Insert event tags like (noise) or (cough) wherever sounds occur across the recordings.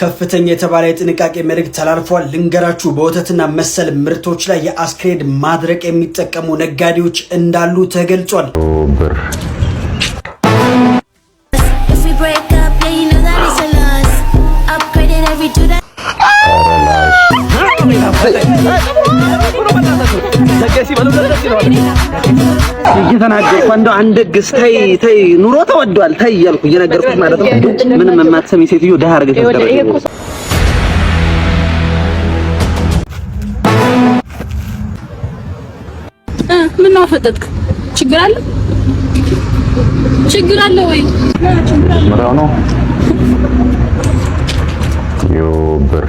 ከፍተኛ የተባለ የጥንቃቄ መልእክት ተላልፏል። ልንገራችሁ፣ በወተትና መሰል ምርቶች ላይ የአስክሬድ ማድረቅ የሚጠቀሙ ነጋዴዎች እንዳሉ ተገልጿል። እየተናገርኩ እንደው አንድ ግስ ተይ ተይ፣ ኑሮ ተወዷል ተይ እያልኩ እየነገርኩት ማለት ነው። ምንም የማትሰሚ ሴትዮ ደሃ አድርገሽ ተደረገ። ምን ነው አፈጠጥክ? ችግር አለ ችግር አለ ወይ? ምራው ነው ብር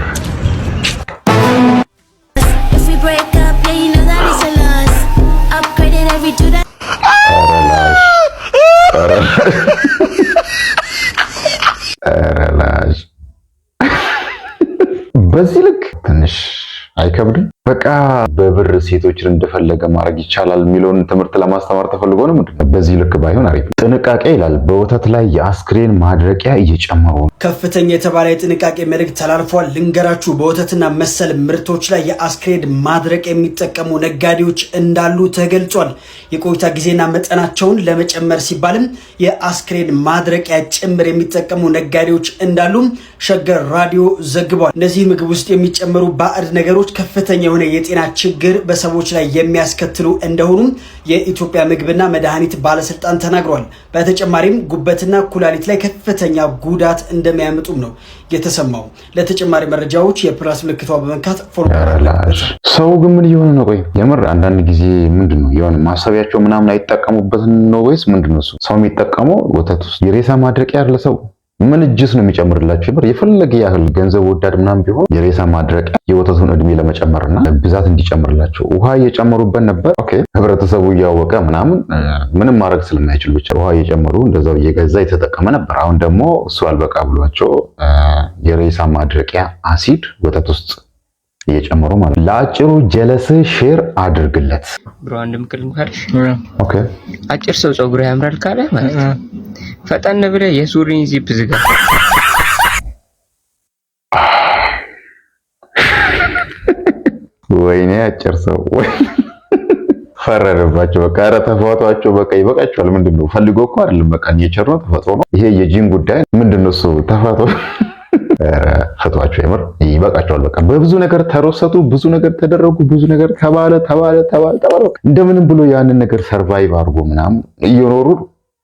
በብር ሴቶችን እንደፈለገ ማድረግ ይቻላል የሚለውን ትምህርት ለማስተማር ተፈልጎ ነው። በዚህ ልክ ባይሆን አሪፍ ጥንቃቄ ይላል። በወተት ላይ የአስክሬን ማድረቂያ እየጨመሩ ነው። ከፍተኛ የተባለ የጥንቃቄ መልእክት ተላልፏል። ልንገራችሁ፣ በወተትና መሰል ምርቶች ላይ የአስክሬን ማድረቅ የሚጠቀሙ ነጋዴዎች እንዳሉ ተገልጿል። የቆይታ ጊዜና መጠናቸውን ለመጨመር ሲባልም የአስክሬን ማድረቂያ ጭምር የሚጠቀሙ ነጋዴዎች እንዳሉም ሸገር ራዲዮ ዘግቧል። እነዚህ ምግብ ውስጥ የሚጨመሩ ባዕድ ነገሮች ከፍተኛ የሆነ የጤና ችግር በሰዎች ላይ የሚያስከትሉ እንደሆኑም የኢትዮጵያ ምግብና መድኃኒት ባለስልጣን ተናግሯል። በተጨማሪም ጉበትና ኩላሊት ላይ ከፍተኛ ጉዳት እንደሚያመጡም ነው የተሰማው። ለተጨማሪ መረጃዎች የፕላስ ምልክቷ በመንካት ሰው ግን ምን እየሆነ ነው? ቆይ የምር አንዳንድ ጊዜ ምንድን ነው የሆነ ማሰቢያቸው ምናምን አይጠቀሙበትን ነው ወይስ ምንድን ነው? ሰው የሚጠቀመው ወተት ውስጥ የሬሳ ማድረቂያ ለሰው ምን እጅስ ነው የሚጨምርላችሁ? የምር የፈለገ ያህል ገንዘብ ወዳድ ምናምን ቢሆን የሬሳ ማድረቂያ የወተቱን እድሜ ለመጨመርና ብዛት እንዲጨምርላቸው ውሃ እየጨመሩበት ነበር። ኦኬ ህብረተሰቡ እያወቀ ምናምን ምንም ማድረግ ስለማይችል ብቻ ውሃ እየጨመሩ እንደዛ እየገዛ የተጠቀመ ነበር። አሁን ደግሞ እሱ አልበቃ ብሏቸው የሬሳ ማድረቂያ አሲድ ወተት ውስጥ እየጨመሩ ማለት ለአጭሩ ጀለስ ሼር አድርግለት ብሮ አንድ ምክር አጭር ሰው ፀጉር ያምራል ካለ ማለት ነው ፈጠን ብለ የሱሪን ዚፕ ዝጋ። ወይኔ አጭር ሰው ወይ ፈረደባቸው። በቃ ኧረ ተፈቷቸው በቃ ይበቃቸዋል። ምንድን ነው ፈልጎ እኮ አይደለም በቃ የቸር ነው ተፈጥሮ ነው ይሄ የጂን ጉዳይ ምንድን ነው እሱ ተፈቶ ፍቷቸው የምር ይበቃቸዋል። በቃ በብዙ ነገር ተሮሰቱ፣ ብዙ ነገር ተደረጉ፣ ብዙ ነገር ተባለ ተባለ ተባለ ተባለ። እንደምንም ብሎ ያንን ነገር ሰርቫይቭ አድርጎ ምናምን እየኖሩ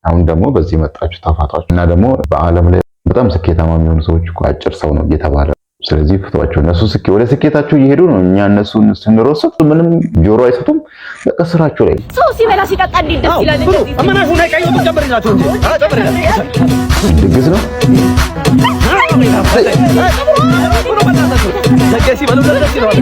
አሁን ደግሞ በዚህ መጣችሁ ተፋቷችሁ እና ደግሞ በዓለም ላይ በጣም ስኬታማ የሚሆኑ ሰዎች እኮ አጭር ሰው ነው እየተባለ ስለዚህ ፍቷቸው። እነሱ ስኬ ወደ ስኬታቸው እየሄዱ ነው። እኛ እነሱን ስንሮሰት ምንም ጆሮ አይሰጡም። በቃ ስራቸው ላይ ሰው ሲበላ ሲጠጣ እንዴት ደስ ይላል። ድግስ ነው ሲበሉ ደስ ይለዋል።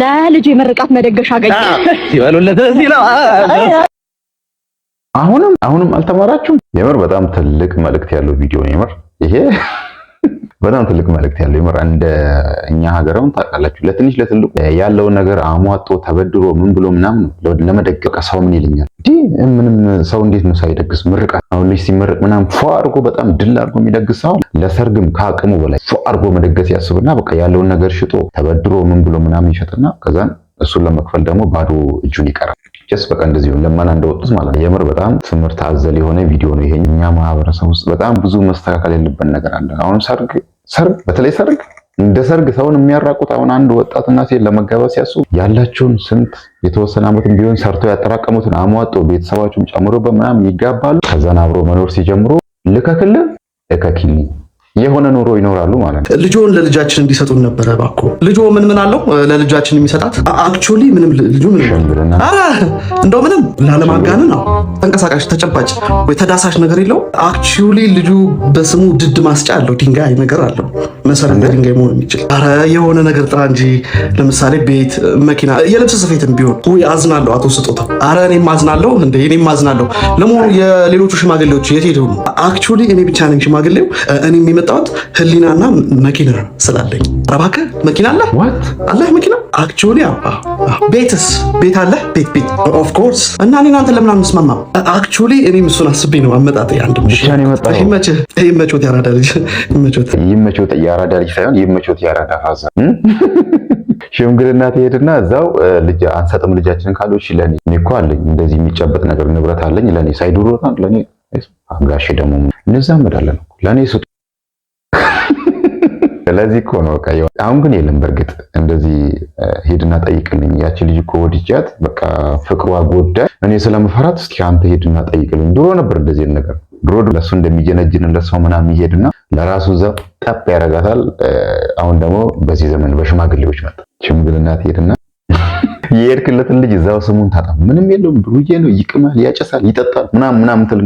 ለልጅ የመረቃት መደገሻ አገኘ ይበሉለት። እዚህ ነው። አሁንም አሁንም አልተማራችሁም። የምር በጣም ትልቅ መልእክት ያለው ቪዲዮ ነው። የምር ይሄ በጣም ትልቅ መልእክት ያለው ይመራ እንደ እኛ ሀገራውን ታውቃላችሁ፣ ለትንሽ ለትልቁ ያለውን ነገር አሟጦ ተበድሮ ምን ብሎ ምናምን ለመደገቅ ሰው ምን ይልኛል? እንዲህ ምንም ሰው እንዴት ነው ሳይደግስ ምርቃ? አሁን ልጅ ሲመርቅ ምናምን ፎ አድርጎ በጣም ድል አድርጎ የሚደግስ ሰው ለሰርግም ከአቅሙ በላይ ፎ አድርጎ መደገስ ያስብና በቃ ያለውን ነገር ሽጦ ተበድሮ ምን ብሎ ምናምን ይሸጥና ከዛን እሱን ለመክፈል ደግሞ ባዶ እጁን ይቀራል። ጀስ በቃ እንደዚህ ለማና እንደወጡት ማለት ነው። የምር በጣም ትምህርት አዘል የሆነ ቪዲዮ ነው ይሄ። እኛ ማህበረሰብ ውስጥ በጣም ብዙ መስተካከል ያለበት ነገር አለ። አሁን ሰርግ ሰርግ፣ በተለይ ሰርግ እንደ ሰርግ ሰውን የሚያራቁት አሁን አንድ ወጣትና ሴት ለመጋባት ሲያስቡ ያላቸውን ስንት የተወሰነ ዓመትም ቢሆን ሰርቶ ያጠራቀሙትን አሟጦ ቤተሰባቸውም ጨምሮ ምናምን ይጋባሉ። ከዛን አብሮ መኖር ሲጀምሩ ልከክልን እከኪልኝ የሆነ ኑሮ ይኖራሉ ማለት ነው። ልጆን ለልጃችን እንዲሰጡን ነበረ እባክዎ። ልጆ ምን ምን አለው ለልጃችን የሚሰጣት? አክቹሊ ምንም ልጁ ምንም እንደው ምንም ላለማጋነን ነው ተንቀሳቃሽ ተጨባጭ ወይ ተዳሳሽ ነገር የለው። አክቹሊ ልጁ በስሙ ድድ ማስጫ አለው ድንጋይ ነገር አለው። መሰረተ ድንጋይ መሆን የሚችል አረ የሆነ ነገር ጥራ እንጂ ለምሳሌ ቤት፣ መኪና፣ የልብስ ስፌትም ቢሆን አዝናለሁ። አቶ ስጦታ አረ እኔም አዝናለሁ፣ እንደ እኔም አዝናለሁ። ለመሆኑ የሌሎቹ ሽማግሌዎች የት ሄደው ነው? አክቹዋሊ እኔ ብቻ ነኝ ሽማግሌው። እኔ የሚመጣሁት ህሊናና መኪና ስላለኝ። እባክህ መኪና አለ አለ መኪና አክቹዋሊ አባ uh, uh, uh, ቤትስ ቤት አለ ቤት ቤት ኦፍ ኮርስ እና እኔ እናንተ ለምን አንስማማ? አክቹዋሊ እኔም እሱን አስቤ ነው አመጣጤ። አንድ ብቻ ያራዳ ልጅ ይመችዎት፣ ይመችዎት ያራዳ ልጅ ሳይሆን ይመችዎት ያራዳ ፋዛ ሽምግልና ትሄድና እዛው ልጅ አንሰጥም ልጃችንን ካሎች ለኔ እኔ እኮ አለኝ እንደዚህ የሚጨበጥ ነገር ንብረት አለኝ ለኔ ሳይዱሮታ ለኔ ጋሼ ደግሞ እንደዛ ለእኔ ስጡ ለዚህ እኮ ነው በቃ። አሁን ግን የለም። በእርግጥ እንደዚህ ሄድና ጠይቅልኝ፣ ያቺ ልጅ እኮ ወድጃት በቃ ፍቅሯ ጎዳ፣ እኔ ስለምፈራት እስኪ አንተ ሄድና ጠይቅልኝ። ድሮ ነበር እንደዚህ ነገር ድሮ ለሱ እንደሚጀነጅን ለሰው ምናምን ይሄድና ለራሱ ዘብ ጠብ ያደርጋታል። አሁን ደግሞ በዚህ ዘመን በሽማግሌዎች መጣ ሽምግልና ትሄድና (laughs) የሄድክለትን ልጅ እዛው ስሙን ታጣ ምንም የለውም ብሩዬ ነው፣ ይቅማል፣ ያጨሳል፣ ይጠጣል ምናምን ምናምን ትል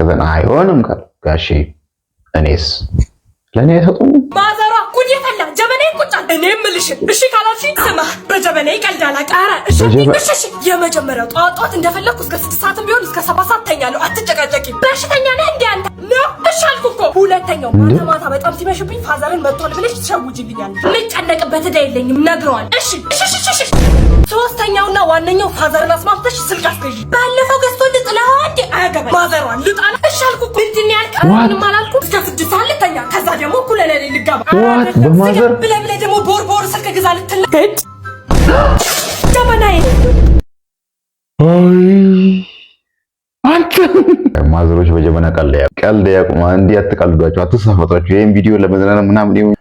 ከዘን አይሆንም ካል ጋሼ እኔስ ለእኔ አይሰጡም። ማዘሯ ጉድ የፈላ ጀበና ቁጫ እኔ ምልሽን እሺ ካላልሽኝ ስማ፣ በጀበና ይቀልዳል። ቃረ እሺ እሺ። የመጀመሪያው ጠዋት ጠዋት እንደፈለግኩ እስከ ስድስት ሰዓትም ቢሆን እስከ ሰባት ሰዓት ተኛለሁ። አትጨቃጨቂ። በሽተኛ ነህ እንዴ አንተ? ነው እሺ አልኩ እኮ። ሁለተኛው ማታ ማታ በጣም ሲመሽብኝ ፋዘርን መጥቷል ብለሽ ትሸውጅልኛል። ልጨነቅበት ዕዳ የለኝም። ነግረዋል። እሺ እሺ ሶስተኛውና ዋነኛው ፋዘርን አስማምተሽ ስልክ አስገዢ። ባለፈው ገዝቶ ልጥለው አንዴ አያገባ ማዘሯን ልጣላ እሻልኩ ምንድን ያልቅ ምንም አላልኩም። እስከ ስድስት ሰዓት ልተኛ፣ ከዛ ደግሞ እኩለ ሌሊት ልጋባ ብለህ ብለህ ደግሞ ቦር ቦር ስልክ ግዛ ልትላገድ ጀመናዬ ማዘሮች በጀመና ቀልድ ያቁማ። እንዲህ አትቀልዷቸው፣ አትሳፈጧቸው። ይህም ቪዲዮ ለመዝናና ምናምን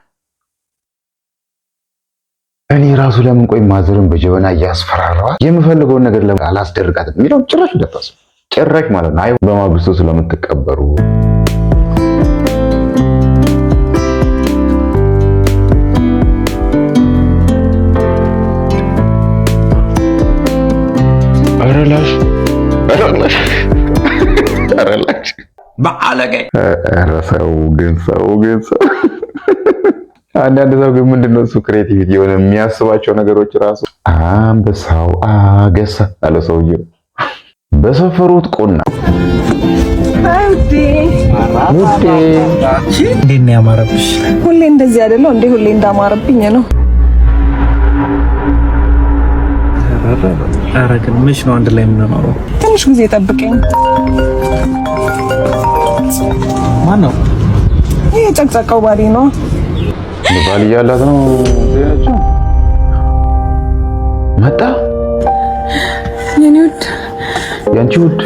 ራሱ ለምን ቆይ ማዘርን በጀበና እያስፈራረዋል የምፈልገውን ነገር ለምን አላስደርጋትም የሚለው ጭራሽ እንዳታስብ ጭራሽ ማለት ነው። አይ በማግስቱ ስለምትቀበሩ ረላሽ ረላሽ ረላሽ በአለቀኝ ረሰው ግን ሰው ግን ሰው አንዳንድ ሰው ግን ምንድን ነው እሱ ክሬቲቪቲ የሆነ የሚያስባቸው ነገሮች ራሱ አንበሳው አገሳ አለ ሰውዬው በሰፈሩት ቁና ውዴ እንዴት ነው ያማረብሽ? ሁሌ እንደዚህ አይደለው እንዴ? ሁሌ እንዳማረብኝ ነው። ኧረ ግን መች ነው አንድ ላይ የምንኖረው? ትንሽ ጊዜ ጠብቀኝ። ማነው ይሄ ጨቅጨቀው ባሪ ነው? ባል እያላት ነው ያቸው መጣ። የኔ ውድ ያንቺ ውድ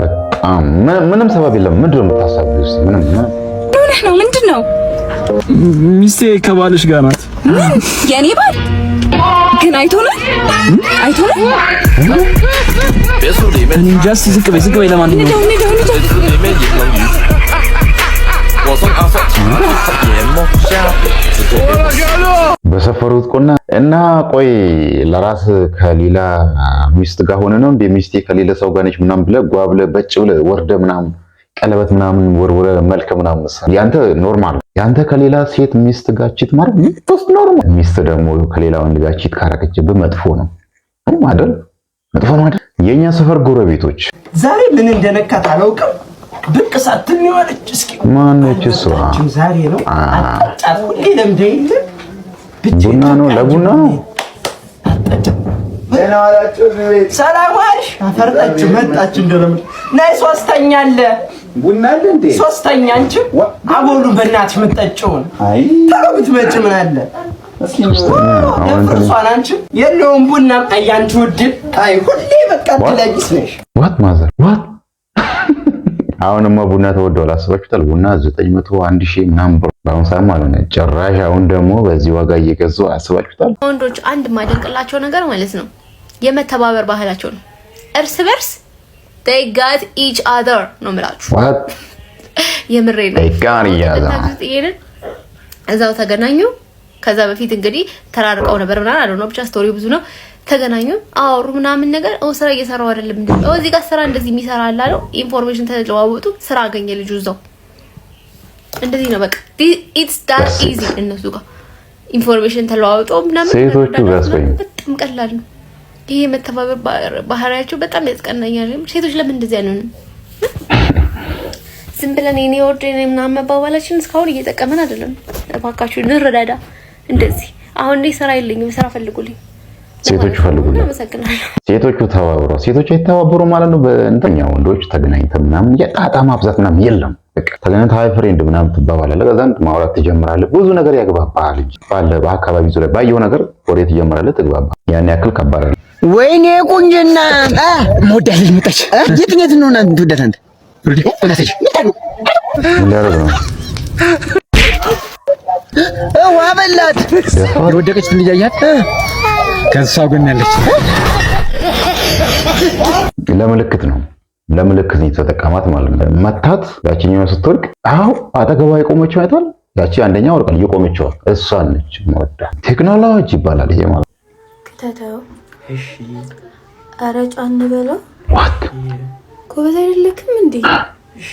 በጣም ምንም ሰበብ የለም። ምንድን ነው የምታሳቢው? እስኪ ምንም ምንድን ነው ምንድን ነው ሚስቴ ከባልሽ ጋር ናት የኔ ባል ግን አይቶናል አይቶናል። እኔ እንጃ። ዝቅ በይ ዝቅ በይ። ለማንኛውም በሰፈሩት ቁና እና ቆይ ለራስ ከሌላ ሚስት ጋር ሆነ ነው እንደ ሚስቴ ከሌላ ሰው ጋር ነች ምናምን ብለህ ጓ ብለህ በጭ ብለህ ወርደህ ምናምን ቀለበት ምናምን ወርወረ መልክ ምናምን ሰ ያንተ ኖርማል ያንተ ከሌላ ሴት ሚስት ጋችት ቺት ማድረግ ኖርማል ሚስት ደግሞ ከሌላ ወንድ ጋችት ቺት ካረገችብህ መጥፎ ነው አይደል መጥፎ ነው አይደል የእኛ ሰፈር ጎረቤቶች ዛሬ ምን እንደነካት አላውቅም ብቅ ሳትን ይዋለች እስኪ ማነች እሷ ዛሬ ነው አጣጣል ሁሌ ለምደ የለ ቡና ነው ለቡና ነው ሰላም አፈርጣችሁ መጣችሁ እንደለምድ ናይ ሶስተኛ አለ ቡና አለ እንዴ? ሶስተኛ አንቺ አቦሉ በእናትሽ የምትጠጪውን አይ ታውት መጭ ምን አለ የለውም ቡና አያንቺ ውድ አይ ሁሌ በቃ ትለጊስ ነሽ ዋት ማዘር ዋት አሁንማ ቡና ተወዷል። አስባችሁታል? ቡና 900 1000 ምናምን ብር በአሁኑ ሰዓት ማለት ነው። ጭራሽ አሁን ደግሞ በዚህ ዋጋ እየገዙ አስባችሁታል? ወንዶች አንድ የማደንቅላቸው ነገር ማለት ነው የመተባበር ባህላቸው ነው እርስ በርስ they got each other ነው የምላችሁ። የምሬ ነው እዛው ተገናኙ። ከዛ በፊት እንግዲህ ተራርቀው ነበር ምናምን አለ ነው ብቻ ስቶሪው ብዙ ነው። ተገናኙ፣ አወሩ ምናምን ነገር ኦ ስራ እየሰራው አይደለም እንዴ? ኦ እዚህ ጋር ስራ እንደዚህ የሚሰራ አለ አላለው። ኢንፎርሜሽን ተለዋወጡ፣ ስራ አገኘ ልጁ እዛው። እንደዚህ ነው በቃ ኢትስ ዳት ኢዚ እነሱ ጋር ኢንፎርሜሽን ተለዋውጦ ምናምን ሴቶቹ ጋር በጣም ቀላል ነው። ይህ የመተባበር ባህሪያቸው በጣም ያስቀናኛል። ሴቶች ለምን እንደዚህ አልሆንም? ዝም ብለን የኔ ወርድ ምናምን መባባላችን እስካሁን እየጠቀመን አይደለም። እባካችሁ እንረዳዳ። እንደዚህ አሁን እኔ ስራ የለኝም፣ ስራ ፈልጉልኝ፣ ሴቶቹ ፈልጉልኝ። ሴቶቹ ተባብረው ሴቶቹ የተባበሩ ማለት ነው። በእንተኛ ወንዶች ተገናኝተን ምናምን የጣጣ ማብዛት ምናምን የለም። ተገናኝተህ ሀይ ፍሬንድ ምናምን ትባባላለ። ከዛ ማውራት ትጀምራለ። ብዙ ነገር ያግባባል። ባለ በአካባቢ ዙሪያ ባየው ነገር ወሬ ትጀምራለ፣ ትግባባል። ያን ያክል ከባድ ነው። ወይኔ ቁንጅና ሞዳል ልመጣች የትኛት ነው ና ትወዳት አንተ ውሃ በላት የወደቀች ልጅ አያት ጎን ያለች ለምልክት ነው ለምልክት ነው የተጠቀማት ማለት ነው። መታት ያችኛዋ ስትወድቅ አው አጠገቧ የቆመችው አይቷል። ያቺ አንደኛ ወርቃል የቆመችዋ እሷ ነች። ሞዳ ቴክኖሎጂ ይባላል ይሄ ማለት ተተው። እሺ፣ ኧረ ጫን በለው ጎበዝ አይደለክም እንዴ? እሺ፣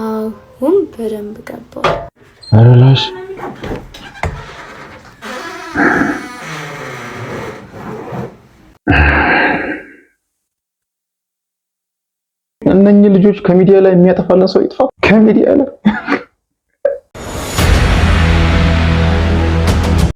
አሁን በደንብ ገባው። ኧረ ላሽ እነኚህ ልጆች ከሚዲያ ላይ የሚያጠፋለን ሰው ይጥፋ ከሚዲያ ላይ